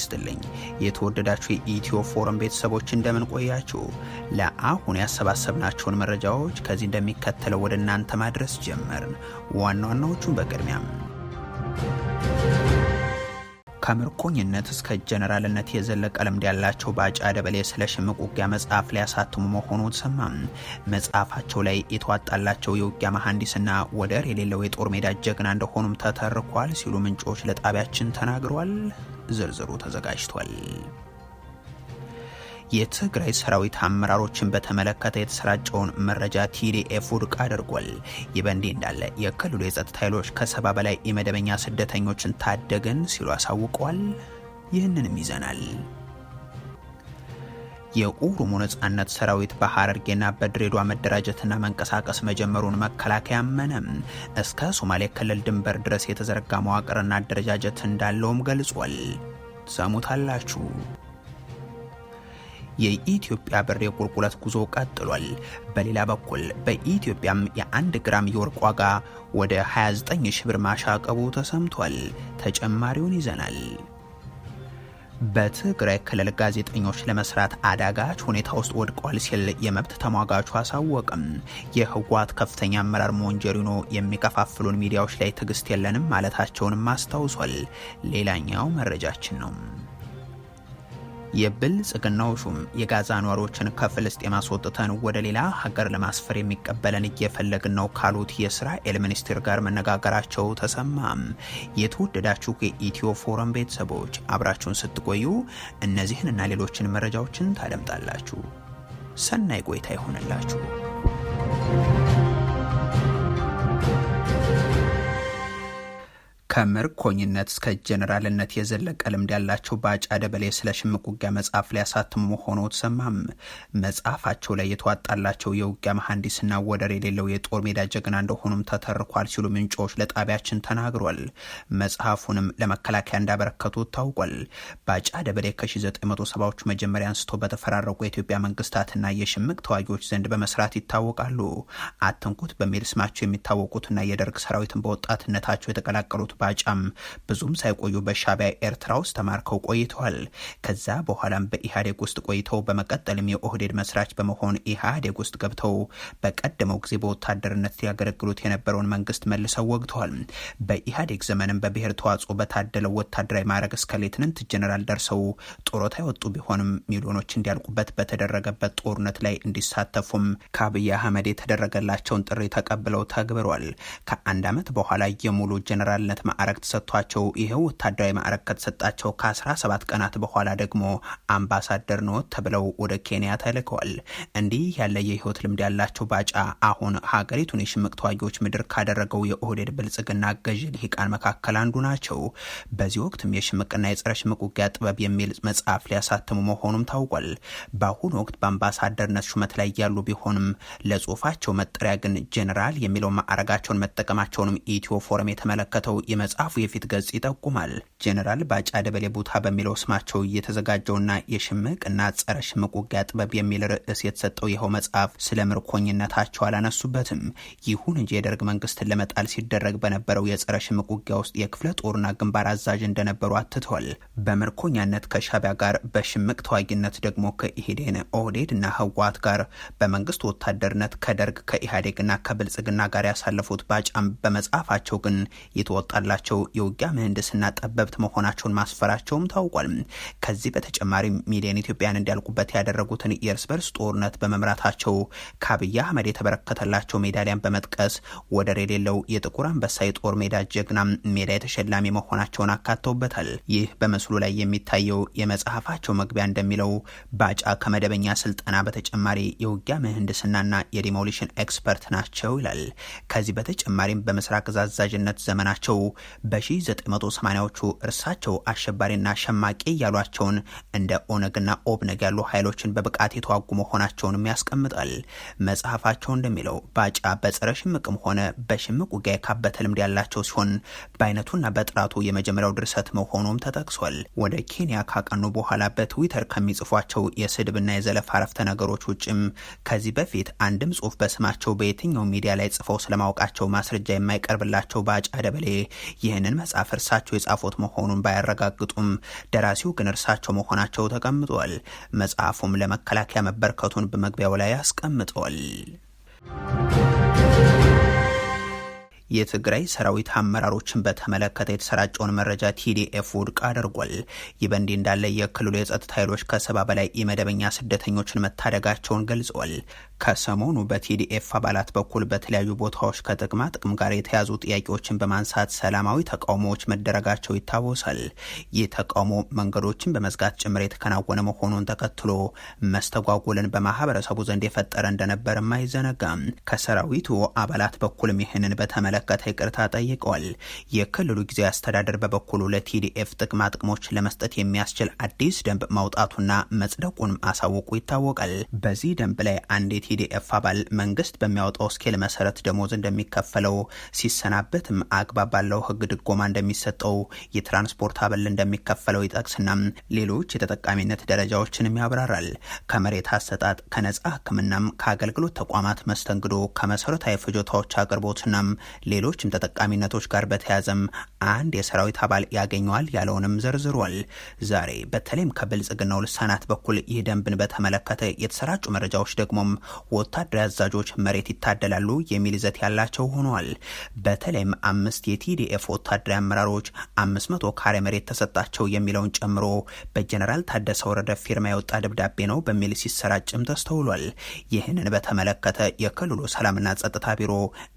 ይስጥልኝ። የተወደዳችሁ የኢትዮ ፎረም ቤተሰቦች እንደምን ቆያችሁ? ለአሁን ያሰባሰብናቸውን መረጃዎች ከዚህ እንደሚከተለው ወደ እናንተ ማድረስ ጀመርን። ዋና ዋናዎቹን በቅድሚያም ከምርኮኝነት እስከ ጀነራልነት የዘለቀ ልምድ ያላቸው ባጫ ደበሌ ስለ ሽምቅ ውጊያ መጽሐፍ ሊያሳትሙ መሆኑ ተሰማ። መጽሐፋቸው ላይ የተዋጣላቸው የውጊያ መሐንዲስና ወደር የሌለው የጦር ሜዳ ጀግና እንደሆኑም ተተርኳል ሲሉ ምንጮች ለጣቢያችን ተናግረዋል። ዝርዝሩ ተዘጋጅቷል። የትግራይ ሰራዊት አመራሮችን በተመለከተ የተሰራጨውን መረጃ ቲዲኤፍ ውድቅ አድርጓል። ይህ በእንዲህ እንዳለ የክልሉ የጸጥታ ኃይሎች ከሰባ በላይ የመደበኛ ስደተኞችን ታደግን ሲሉ አሳውቀዋል። ይህንንም ይዘናል። የኦሮሞ ነጻነት ሰራዊት በሐረርጌና በድሬዷ መደራጀትና መንቀሳቀስ መጀመሩን መከላከያ አመነም። እስከ ሶማሌ ክልል ድንበር ድረስ የተዘረጋ መዋቅርና አደረጃጀት እንዳለውም ገልጿል። ሰሙታላችሁ። የኢትዮጵያ ብር የቁልቁለት ጉዞ ቀጥሏል። በሌላ በኩል በኢትዮጵያም የአንድ ግራም የወርቅ ዋጋ ወደ 29 ሺ ብር ማሻቀቡ ተሰምቷል። ተጨማሪውን ይዘናል። በትግራይ ክልል ጋዜጠኞች ለመስራት አዳጋች ሁኔታ ውስጥ ወድቋል ሲል የመብት ተሟጋቹ አሳወቅም። የህወሓት ከፍተኛ አመራር ሞንጀሪኖ የሚከፋፍሉን ሚዲያዎች ላይ ትዕግስት የለንም ማለታቸውንም አስታውሷል። ሌላኛው መረጃችን ነው። የብልጽግናው ሹም የጋዛ ኗሪዎችን ከፍልስጤም አስወጥተን ወደ ሌላ ሀገር ለማስፈር የሚቀበለን እየፈለግን ነው ካሉት የእስራኤል ሚኒስትር ጋር መነጋገራቸው ተሰማም። የተወደዳችሁ የኢትዮ ፎረም ቤተሰቦች አብራችሁን ስትቆዩ እነዚህን እና ሌሎችን መረጃዎችን ታደምጣላችሁ። ሰናይ ቆይታ ይሆንላችሁ። ከምርኮኝነት እስከ ጀነራልነት የዘለቀ ልምድ ያላቸው በአጫ ደበሌ ስለ ሽምቅ ውጊያ መጽሐፍ ላይ ያሳትሙ መሆኑ ተሰማም። መጽሐፋቸው ላይ የተዋጣላቸው የውጊያ መሐንዲስና ወደር የሌለው የጦር ሜዳ ጀግና እንደሆኑም ተተርኳል ሲሉ ምንጮች ለጣቢያችን ተናግሯል። መጽሐፉንም ለመከላከያ እንዳበረከቱ ታውቋል። በአጫ ደበሌ ከ1970ዎቹ መጀመሪያ አንስቶ በተፈራረቁ የኢትዮጵያ መንግስታትና የሽምቅ ተዋጊዎች ዘንድ በመስራት ይታወቃሉ። አትንኩት በሚል ስማቸው የሚታወቁትና የደርግ ሰራዊትን በወጣትነታቸው የተቀላቀሉት ባጫም ብዙም ሳይቆዩ በሻቢያ ኤርትራ ውስጥ ተማርከው ቆይተዋል። ከዛ በኋላም በኢህአዴግ ውስጥ ቆይተው በመቀጠልም የኦህዴድ መስራች በመሆን ኢህአዴግ ውስጥ ገብተው በቀደመው ጊዜ በወታደርነት ያገለግሉት የነበረውን መንግስት መልሰው ወግተዋል። በኢህአዴግ ዘመንም በብሔር ተዋጽኦ በታደለው ወታደራዊ ማዕረግ እስከ ሌትናንት ጀነራል ደርሰው ጡረታ የወጡ ቢሆንም ሚሊዮኖች እንዲያልቁበት በተደረገበት ጦርነት ላይ እንዲሳተፉም ከአብይ አህመድ የተደረገላቸውን ጥሪ ተቀብለው ተግብሯል። ከአንድ ዓመት በኋላ የሙሉ ጀነራልነት ማዕረግ ተሰጥቷቸው ይኸው ወታደራዊ ማዕረግ ከተሰጣቸው ከ17 ቀናት በኋላ ደግሞ አምባሳደር ነው ተብለው ወደ ኬንያ ተልከዋል። እንዲህ ያለ የህይወት ልምድ ያላቸው ባጫ አሁን ሀገሪቱን የሽምቅ ተዋጊዎች ምድር ካደረገው የኦህዴድ ብልጽግና ገዥ ልሂቃን መካከል አንዱ ናቸው። በዚህ ወቅትም የሽምቅና የጸረ ሽምቅ ውጊያ ጥበብ የሚል መጽሐፍ ሊያሳትሙ መሆኑም ታውቋል። በአሁኑ ወቅት በአምባሳደርነት ሹመት ላይ ያሉ ቢሆንም ለጽሁፋቸው መጠሪያ ግን ጄኔራል የሚለው ማዕረጋቸውን መጠቀማቸውንም ኢትዮ ፎረም የተመለከተው የመጽሐፉ የፊት ገጽ ይጠቁማል። ጄኔራል ባጫ ደበሌ ቡታ በሚለው ስማቸው እየተዘጋጀውና የሽምቅ እና ጸረ ሽምቅ ውጊያ ጥበብ የሚል ርዕስ የተሰጠው ይኸው መጽሐፍ ስለ ምርኮኝነታቸው አላነሱበትም። ይሁን እንጂ የደርግ መንግስትን ለመጣል ሲደረግ በነበረው የጸረ ሽምቅ ውጊያ ውስጥ የክፍለ ጦርና ግንባር አዛዥ እንደነበሩ አትተዋል። በምርኮኛነት ከሻቢያ ጋር፣ በሽምቅ ተዋጊነት ደግሞ ከኢህዴን ኦህዴድ እና ህወሓት ጋር፣ በመንግስት ወታደርነት ከደርግ ከኢህአዴግና ከብልጽግና ጋር ያሳለፉት ባጫም በመጽሐፋቸው ግን የተወጣላ ያላቸው የውጊያ ምህንድስና ጠበብት መሆናቸውን ማስፈራቸውም ታውቋል። ከዚህ በተጨማሪ ሚሊዮን ኢትዮጵያን እንዲያልቁበት ያደረጉትን የእርስ በርስ ጦርነት በመምራታቸው ከአብይ አህመድ የተበረከተላቸው ሜዳሊያን በመጥቀስ ወደር የሌለው የጥቁር አንበሳ የጦር ሜዳ ጀግና ሜዳ የተሸላሚ መሆናቸውን አካተውበታል። ይህ በምስሉ ላይ የሚታየው የመጽሐፋቸው መግቢያ እንደሚለው ባጫ ከመደበኛ ስልጠና በተጨማሪ የውጊያ ምህንድስናና የዲሞሊሽን ኤክስፐርት ናቸው ይላል። ከዚህ በተጨማሪም በምስራቅ አዛዥነት ዘመናቸው በ1980ዎቹ እርሳቸው አሸባሪና ሸማቂ ያሏቸውን እንደ ኦነግና ኦብነግ ያሉ ኃይሎችን በብቃት የተዋጉ መሆናቸውንም ያስቀምጣል። መጽሐፋቸው እንደሚለው ባጫ በጸረ ሽምቅም ሆነ በሽምቅ ውጊያ የካበተ ልምድ ያላቸው ሲሆን በአይነቱና በጥራቱ የመጀመሪያው ድርሰት መሆኑም ተጠቅሷል። ወደ ኬንያ ካቀኑ በኋላ በትዊተር ከሚጽፏቸው የስድብና የዘለፋ አረፍተ ነገሮች ውጭም ከዚህ በፊት አንድም ጽሁፍ በስማቸው በየትኛው ሚዲያ ላይ ጽፈው ስለማወቃቸው ማስረጃ የማይቀርብላቸው ባጫ ደበሌ ይህንን መጽሐፍ እርሳቸው የጻፉት መሆኑን ባያረጋግጡም ደራሲው ግን እርሳቸው መሆናቸው ተቀምጧል። መጽሐፉም ለመከላከያ መበርከቱን በመግቢያው ላይ አስቀምጠዋል። የትግራይ ሰራዊት አመራሮችን በተመለከተ የተሰራጨውን መረጃ ቲዲኤፍ ውድቅ አድርጓል። ይህ በእንዲህ እንዳለ የክልሉ የጸጥታ ኃይሎች ከሰባ በላይ የመደበኛ ስደተኞችን መታደጋቸውን ገልጸዋል። ከሰሞኑ በቲዲኤፍ አባላት በኩል በተለያዩ ቦታዎች ከጥቅማ ጥቅም ጋር የተያዙ ጥያቄዎችን በማንሳት ሰላማዊ ተቃውሞዎች መደረጋቸው ይታወሳል። ይህ ተቃውሞ መንገዶችን በመዝጋት ጭምር የተከናወነ መሆኑን ተከትሎ መስተጓጎልን በማህበረሰቡ ዘንድ የፈጠረ እንደነበርም አይዘነጋም። ከሰራዊቱ አባላት በኩልም ይህንን በተመለ በተመለከተ ይቅርታ ጠይቀዋል። የክልሉ ጊዜያዊ አስተዳደር በበኩሉ ለቲዲኤፍ ጥቅማ ጥቅሞች ለመስጠት የሚያስችል አዲስ ደንብ ማውጣቱና መጽደቁን አሳውቁ ይታወቃል። በዚህ ደንብ ላይ አንድ የቲዲኤፍ አባል መንግስት በሚያወጣው ስኬል መሰረት ደሞዝ እንደሚከፈለው፣ ሲሰናበትም አግባብ ባለው ህግ ድጎማ እንደሚሰጠው፣ የትራንስፖርት አበል እንደሚከፈለው ይጠቅስና ሌሎች የተጠቃሚነት ደረጃዎችንም ያብራራል። ከመሬት አሰጣጥ፣ ከነጻ ህክምናም፣ ከአገልግሎት ተቋማት መስተንግዶ፣ ከመሰረታዊ ፍጆታዎች አቅርቦትናም ሌሎችም ተጠቃሚነቶች ጋር በተያዘም አንድ የሰራዊት አባል ያገኘዋል ያለውንም ዘርዝሯል። ዛሬ በተለይም ከብልጽግናው ልሳናት በኩል ይህ ደንብን በተመለከተ የተሰራጩ መረጃዎች ደግሞም ወታደራዊ አዛዦች መሬት ይታደላሉ የሚል ይዘት ያላቸው ሆኗል። በተለይም አምስት የቲዲኤፍ ወታደራዊ አመራሮች አምስት መቶ ካሬ መሬት ተሰጣቸው የሚለውን ጨምሮ በጀነራል ታደሰ ወረደ ፊርማ የወጣ ደብዳቤ ነው በሚል ሲሰራጭም ተስተውሏል። ይህንን በተመለከተ የክልሉ ሰላምና ጸጥታ ቢሮ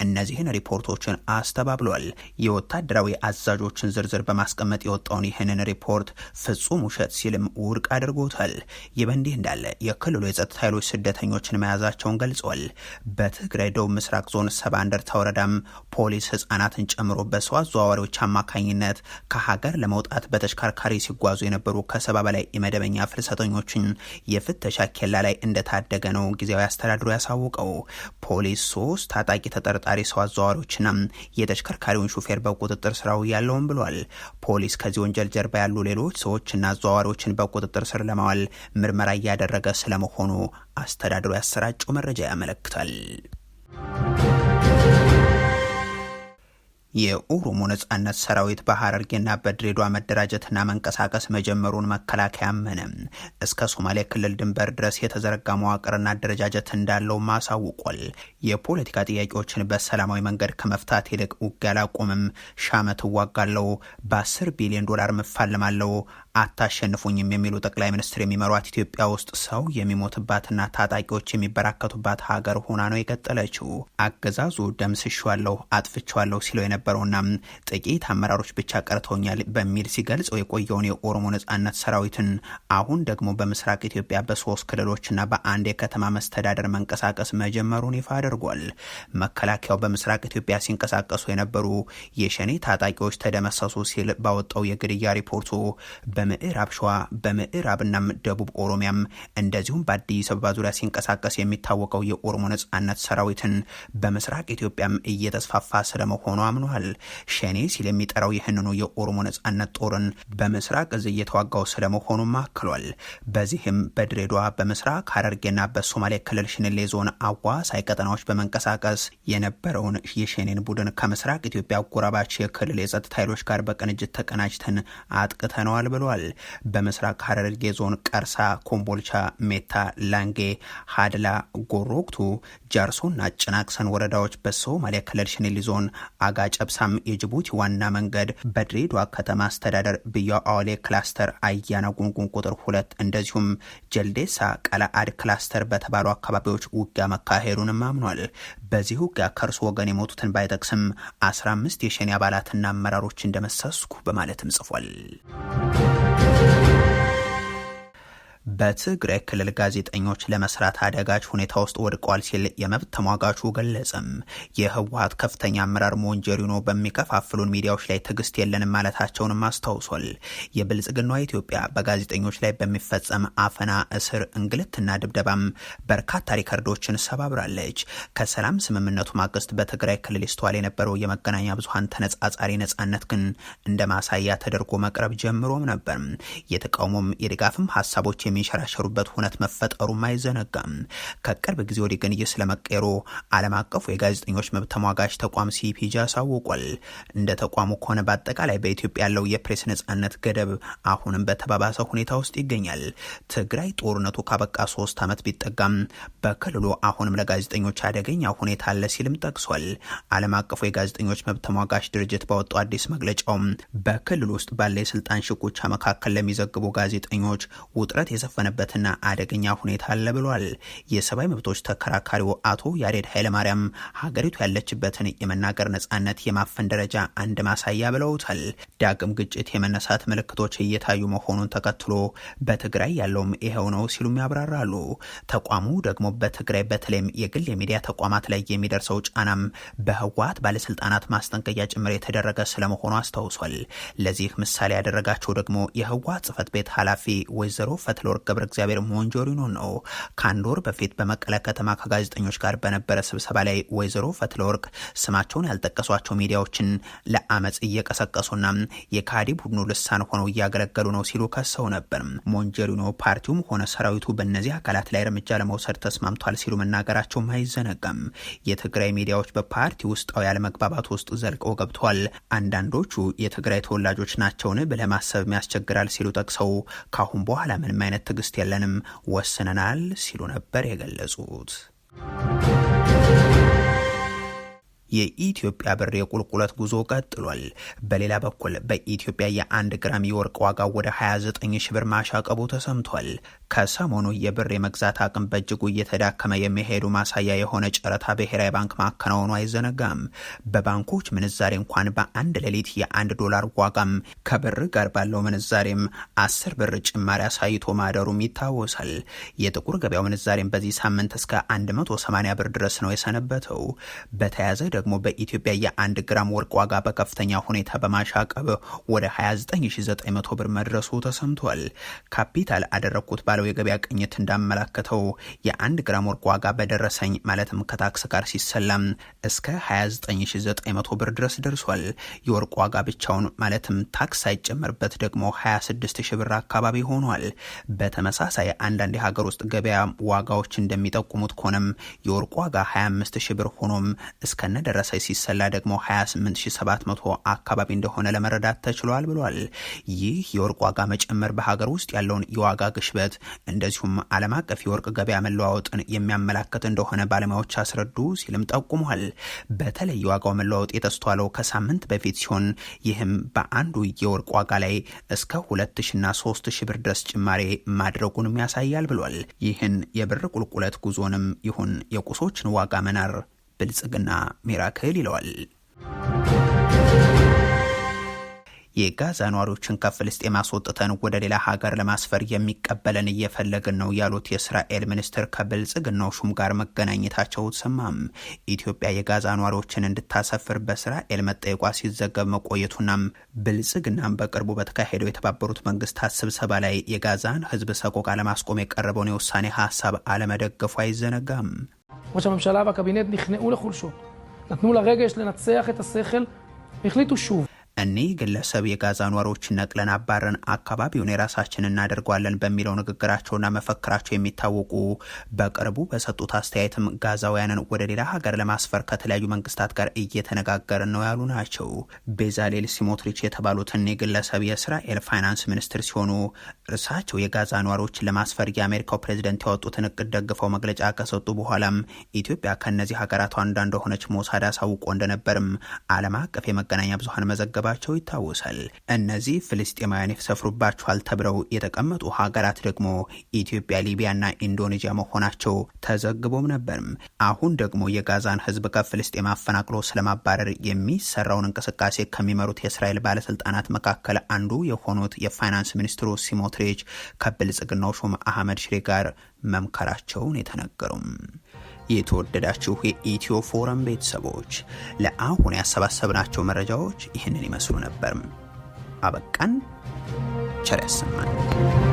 እነዚህን ሪፖርቶች ጥቃቶችን አስተባብሏል። የወታደራዊ አዛዦችን ዝርዝር በማስቀመጥ የወጣውን ይህንን ሪፖርት ፍጹም ውሸት ሲልም ውድቅ አድርጎታል። ይህ በእንዲህ እንዳለ የክልሉ የጸጥታ ኃይሎች ስደተኞችን መያዛቸውን ገልጿል። በትግራይ ደቡብ ምስራቅ ዞን ሰባ እንደርታ ወረዳም ፖሊስ ህጻናትን ጨምሮ በሰው አዘዋዋሪዎች አማካኝነት ከሀገር ለመውጣት በተሽከርካሪ ሲጓዙ የነበሩ ከሰባ በላይ የመደበኛ ፍልሰተኞችን የፍተሻ ኬላ ላይ እንደታደገ ነው ጊዜያዊ አስተዳድሩ ያሳውቀው ፖሊስ ሶስት ታጣቂ ተጠርጣሪ ሰው አዘዋዋሪዎችና የተሽከርካሪውን ሹፌር በቁጥጥር ስራው አውያለሁም ብሏል። ፖሊስ ከዚህ ወንጀል ጀርባ ያሉ ሌሎች ሰዎችና አዘዋዋሪዎችን በቁጥጥር ስር ለማዋል ምርመራ እያደረገ ስለመሆኑ አስተዳደሩ ያሰራጨው መረጃ ያመለክታል። የኦሮሞ ነጻነት ሰራዊት በሐረርጌና በድሬዳዋ መደራጀትና መንቀሳቀስ መጀመሩን መከላከያ አመነም። እስከ ሶማሌ ክልል ድንበር ድረስ የተዘረጋ መዋቅርና አደረጃጀት እንዳለው ማሳውቋል። የፖለቲካ ጥያቄዎችን በሰላማዊ መንገድ ከመፍታት ይልቅ ውጊያ አላቆምም፣ ሻመት እዋጋለው፣ በ10 ቢሊዮን ዶላር ምፋልማለው፣ አታሸንፉኝም የሚሉ ጠቅላይ ሚኒስትር የሚመሯት ኢትዮጵያ ውስጥ ሰው የሚሞትባትና ታጣቂዎች የሚበራከቱባት ሀገር ሆና ነው የቀጠለችው። አገዛዙ ደምስሸዋለሁ፣ አጥፍቸዋለሁ ሲለው የነበረውና ጥቂት አመራሮች ብቻ ቀርተውኛል በሚል ሲገልጸው የቆየውን የኦሮሞ ነጻነት ሰራዊትን አሁን ደግሞ በምስራቅ ኢትዮጵያ በሶስት ክልሎችና በአንድ የከተማ መስተዳደር መንቀሳቀስ መጀመሩን ይፋ አድርጓል። መከላከያው በምስራቅ ኢትዮጵያ ሲንቀሳቀሱ የነበሩ የሸኔ ታጣቂዎች ተደመሰሱ ሲል ባወጣው የግድያ ሪፖርቱ በምዕራብ ሸዋ በምዕራብና ደቡብ ኦሮሚያም እንደዚሁም በአዲስ አበባ ዙሪያ ሲንቀሳቀስ የሚታወቀው የኦሮሞ ነጻነት ሰራዊትን በምስራቅ ኢትዮጵያም እየተስፋፋ ስለመሆኑ አምኗል። ሸኔ ሲል የሚጠራው ይህንኑ የኦሮሞ ነጻነት ጦርን በምስራቅ እዝ እየተዋጋው ስለመሆኑ ማክሏል በዚህም በድሬዷ በምስራቅ ሐረርጌና በሶማሌ ክልል ሽንሌ ዞን አዋሳይ ቀጠናዎች በመንቀሳቀስ የነበረውን የሸኔን ቡድን ከምስራቅ ኢትዮጵያ አጎራባች የክልል የጸጥታ ኃይሎች ጋር በቅንጅት ተቀናጅተን አጥቅተነዋል ብለዋል። ተገኝተዋል። በምስራቅ ሐረርጌ ዞን ቀርሳ፣ ኮምቦልቻ፣ ሜታ፣ ላንጌ፣ ሀድላ፣ ጎሮክቱ፣ ጃርሶና ጭናቅሰን ወረዳዎች በሶማሊያ ክልል ሽኔሊ ዞን አጋ ጨብሳም የጅቡቲ ዋና መንገድ በድሬዷ ከተማ አስተዳደር ብያ አዋሌ ክላስተር አያና ጉንጉን ቁጥር ሁለት እንደዚሁም ጀልዴሳ ቀላአድ ክላስተር በተባሉ አካባቢዎች ውጊያ መካሄዱንም አምኗል። በዚህ ውጊያ ከእርሱ ወገን የሞቱትን ባይጠቅስም 15 የሸኔ አባላትና አመራሮች እንደመሰስኩ በማለትም ጽፏል። Thank you. በትግራይ ክልል ጋዜጠኞች ለመስራት አደጋች ሁኔታ ውስጥ ወድቀዋል ሲል የመብት ተሟጋቹ ገለጽም። የህወሀት ከፍተኛ አመራር ሞንጀሪኖ በሚከፋፍሉን ሚዲያዎች ላይ ትዕግስት የለንም ማለታቸውንም አስታውሷል። የብልጽግናዋ ኢትዮጵያ በጋዜጠኞች ላይ በሚፈጸም አፈና፣ እስር፣ እንግልትና ድብደባም በርካታ ሪከርዶችን ሰባብራለች። ከሰላም ስምምነቱ ማግስት በትግራይ ክልል ይስተዋል የነበረው የመገናኛ ብዙሀን ተነጻጻሪ ነጻነት ግን እንደ ማሳያ ተደርጎ መቅረብ ጀምሮም ነበር። የተቃውሞም የድጋፍም ሀሳቦች የሚሸራሸሩበት ሁነት መፈጠሩም አይዘነጋም። ከቅርብ ጊዜ ወዲህ ግን ይህ ስለመቀየሩ ዓለም አቀፉ የጋዜጠኞች መብት ተሟጋች ተቋም ሲፒጂ አሳውቋል። እንደ ተቋሙ ከሆነ በአጠቃላይ በኢትዮጵያ ያለው የፕሬስ ነጻነት ገደብ አሁንም በተባባሰ ሁኔታ ውስጥ ይገኛል። ትግራይ ጦርነቱ ካበቃ ሶስት ዓመት ቢጠጋም በክልሉ አሁንም ለጋዜጠኞች አደገኛ ሁኔታ አለ ሲልም ጠቅሷል። ዓለም አቀፉ የጋዜጠኞች መብት ተሟጋች ድርጅት ባወጣው አዲስ መግለጫውም በክልሉ ውስጥ ባለ የስልጣን ሽኩቻ መካከል ለሚዘግቡ ጋዜጠኞች ውጥረት የሰፈነበትና አደገኛ ሁኔታ አለ ብሏል። የሰብአዊ መብቶች ተከራካሪው አቶ ያሬድ ኃይለማርያም ሀገሪቱ ያለችበትን የመናገር ነጻነት የማፈን ደረጃ አንድ ማሳያ ብለውታል። ዳግም ግጭት የመነሳት ምልክቶች እየታዩ መሆኑን ተከትሎ በትግራይ ያለውም ይኸው ነው ሲሉም ያብራራሉ። ተቋሙ ደግሞ በትግራይ በተለይም የግል የሚዲያ ተቋማት ላይ የሚደርሰው ጫናም በህወሀት ባለስልጣናት ማስጠንቀቂያ ጭምር የተደረገ ስለመሆኑ አስታውሷል። ለዚህ ምሳሌ ያደረጋቸው ደግሞ የህወሀት ጽህፈት ቤት ኃላፊ ወይዘሮ ፈትሎ ወርቅ ገብረ እግዚአብሔር ሞንጆሪኖ ነው። ከአንድ ወር በፊት በመቀለ ከተማ ከጋዜጠኞች ጋር በነበረ ስብሰባ ላይ ወይዘሮ ፈትለወርቅ ስማቸውን ያልጠቀሷቸው ሚዲያዎችን ለአመፅ እየቀሰቀሱና የካዲ ቡድኑ ልሳን ሆነው እያገለገሉ ነው ሲሉ ከሰው ነበር። ሞንጆሪኖ ፓርቲውም ሆነ ሰራዊቱ በእነዚህ አካላት ላይ እርምጃ ለመውሰድ ተስማምቷል ሲሉ መናገራቸውም አይዘነጋም። የትግራይ ሚዲያዎች በፓርቲ ውስጣዊ አለመግባባት ውስጥ ዘልቀው ገብተዋል። አንዳንዶቹ የትግራይ ተወላጆች ናቸውን ብለማሰብ ያስቸግራል ሲሉ ጠቅሰው ካሁን በኋላ ምንም አይነት ትዕግስት የለንም ወስነናል ሲሉ ነበር የገለጹት። የኢትዮጵያ ብር የቁልቁለት ጉዞ ቀጥሏል። በሌላ በኩል በኢትዮጵያ የአንድ ግራም የወርቅ ዋጋ ወደ 29 ሺ ብር ማሻቀቡ ተሰምቷል። ከሰሞኑ የብር የመግዛት አቅም በእጅጉ እየተዳከመ የሚሄዱ ማሳያ የሆነ ጨረታ ብሔራዊ ባንክ ማከናወኑ አይዘነጋም። በባንኮች ምንዛሬ እንኳን በአንድ ሌሊት የአንድ ዶላር ዋጋም ከብር ጋር ባለው ምንዛሬም አስር ብር ጭማሪ አሳይቶ ማደሩም ይታወሳል። የጥቁር ገበያው ምንዛሬም በዚህ ሳምንት እስከ 180 ብር ድረስ ነው የሰነበተው። በተያያዘ ደግሞ በኢትዮጵያ የአንድ ግራም ወርቅ ዋጋ በከፍተኛ ሁኔታ በማሻቀብ ወደ 29900 ብር መድረሱ ተሰምቷል። ካፒታል አደረግኩት ባለው የገበያ ቅኝት እንዳመላከተው የአንድ ግራም ወርቅ ዋጋ በደረሰኝ ማለትም ከታክስ ጋር ሲሰላም እስከ 29900 ብር ድረስ ደርሷል። የወርቅ ዋጋ ብቻውን ማለትም ታክስ ሳይጨመርበት ደግሞ 26000 ብር አካባቢ ሆኗል። በተመሳሳይ አንዳንድ የሀገር ውስጥ ገበያ ዋጋዎች እንደሚጠቁሙት ከሆነም የወርቅ ዋጋ 25000 ብር ሆኖም እስከነደ እንደደረሰች ሲሰላ ደግሞ 28700 አካባቢ እንደሆነ ለመረዳት ተችሏል ብሏል። ይህ የወርቅ ዋጋ መጨመር በሀገር ውስጥ ያለውን የዋጋ ግሽበት እንደዚሁም ዓለም አቀፍ የወርቅ ገበያ መለዋወጥን የሚያመላክት እንደሆነ ባለሙያዎች አስረዱ ሲልም ጠቁሟል። በተለይ የዋጋው መለዋወጥ የተስተዋለው ከሳምንት በፊት ሲሆን ይህም በአንዱ የወርቅ ዋጋ ላይ እስከ 2000ና 3000 ብር ድረስ ጭማሬ ማድረጉንም ያሳያል ብሏል። ይህን የብር ቁልቁለት ጉዞንም ይሁን የቁሶችን ዋጋ መናር ብልጽግና ሚራክል ይለዋል። የጋዛ ነዋሪዎችን ከፍልስጤም አስወጥተን ወደ ሌላ ሀገር ለማስፈር የሚቀበለን እየፈለግን ነው ያሉት የእስራኤል ሚኒስትር ከብልጽግናው ሹም ጋር መገናኘታቸው ሰማም። ኢትዮጵያ የጋዛ ነዋሪዎችን እንድታሰፍር በእስራኤል መጠየቋ ሲዘገብ መቆየቱናም ብልጽግናም በቅርቡ በተካሄደው የተባበሩት መንግስታት ስብሰባ ላይ የጋዛን ሕዝብ ሰቆቃ ለማስቆም የቀረበውን የውሳኔ ሀሳብ አለመደገፉ አይዘነጋም። ראש הממשלה והקבינט נכנעו לחולשות, נתנו לרגש לנצח את השכל, והחליטו שוב. እኒህ ግለሰብ የጋዛ ኗሪዎችን ነቅለን አባረን አካባቢውን የራሳችን እናደርጓለን በሚለው ንግግራቸውና መፈክራቸው የሚታወቁ በቅርቡ በሰጡት አስተያየትም ጋዛውያንን ወደ ሌላ ሀገር ለማስፈር ከተለያዩ መንግስታት ጋር እየተነጋገር ነው ያሉ ናቸው። ቤዛሌል ሲሞትሪች የተባሉት እኒህ ግለሰብ የእስራኤል ፋይናንስ ሚኒስትር ሲሆኑ እርሳቸው የጋዛ ኗሪዎችን ለማስፈር የአሜሪካው ፕሬዚደንት ያወጡትን እቅድ ደግፈው መግለጫ ከሰጡ በኋላም ኢትዮጵያ ከእነዚህ ሀገራቷ አንዷ እንደሆነች ሞሳድ አሳውቆ እንደነበርም ዓለም አቀፍ የመገናኛ ብዙሀን መዘገብ መመዝገባቸው ይታወሳል። እነዚህ ፍልስጤማውያን ይሰፍሩባቸዋል ተብለው የተቀመጡ ሀገራት ደግሞ ኢትዮጵያ፣ ሊቢያና ኢንዶኔዥያ መሆናቸው ተዘግቦም ነበርም። አሁን ደግሞ የጋዛን ህዝብ ከፍልስጤም አፈናቅሎ ስለማባረር የሚሰራውን እንቅስቃሴ ከሚመሩት የእስራኤል ባለስልጣናት መካከል አንዱ የሆኑት የፋይናንስ ሚኒስትሩ ሲሞትሬጅ ከብልጽግናው ሹም አህመድ ሽሬ ጋር መምከራቸውን የተነገሩም የተወደዳችሁ የኢትዮ ፎረም ቤተሰቦች ለአሁን ያሰባሰብናቸው መረጃዎች ይህንን ይመስሉ ነበር። አበቃን። ቸር ያሰማን።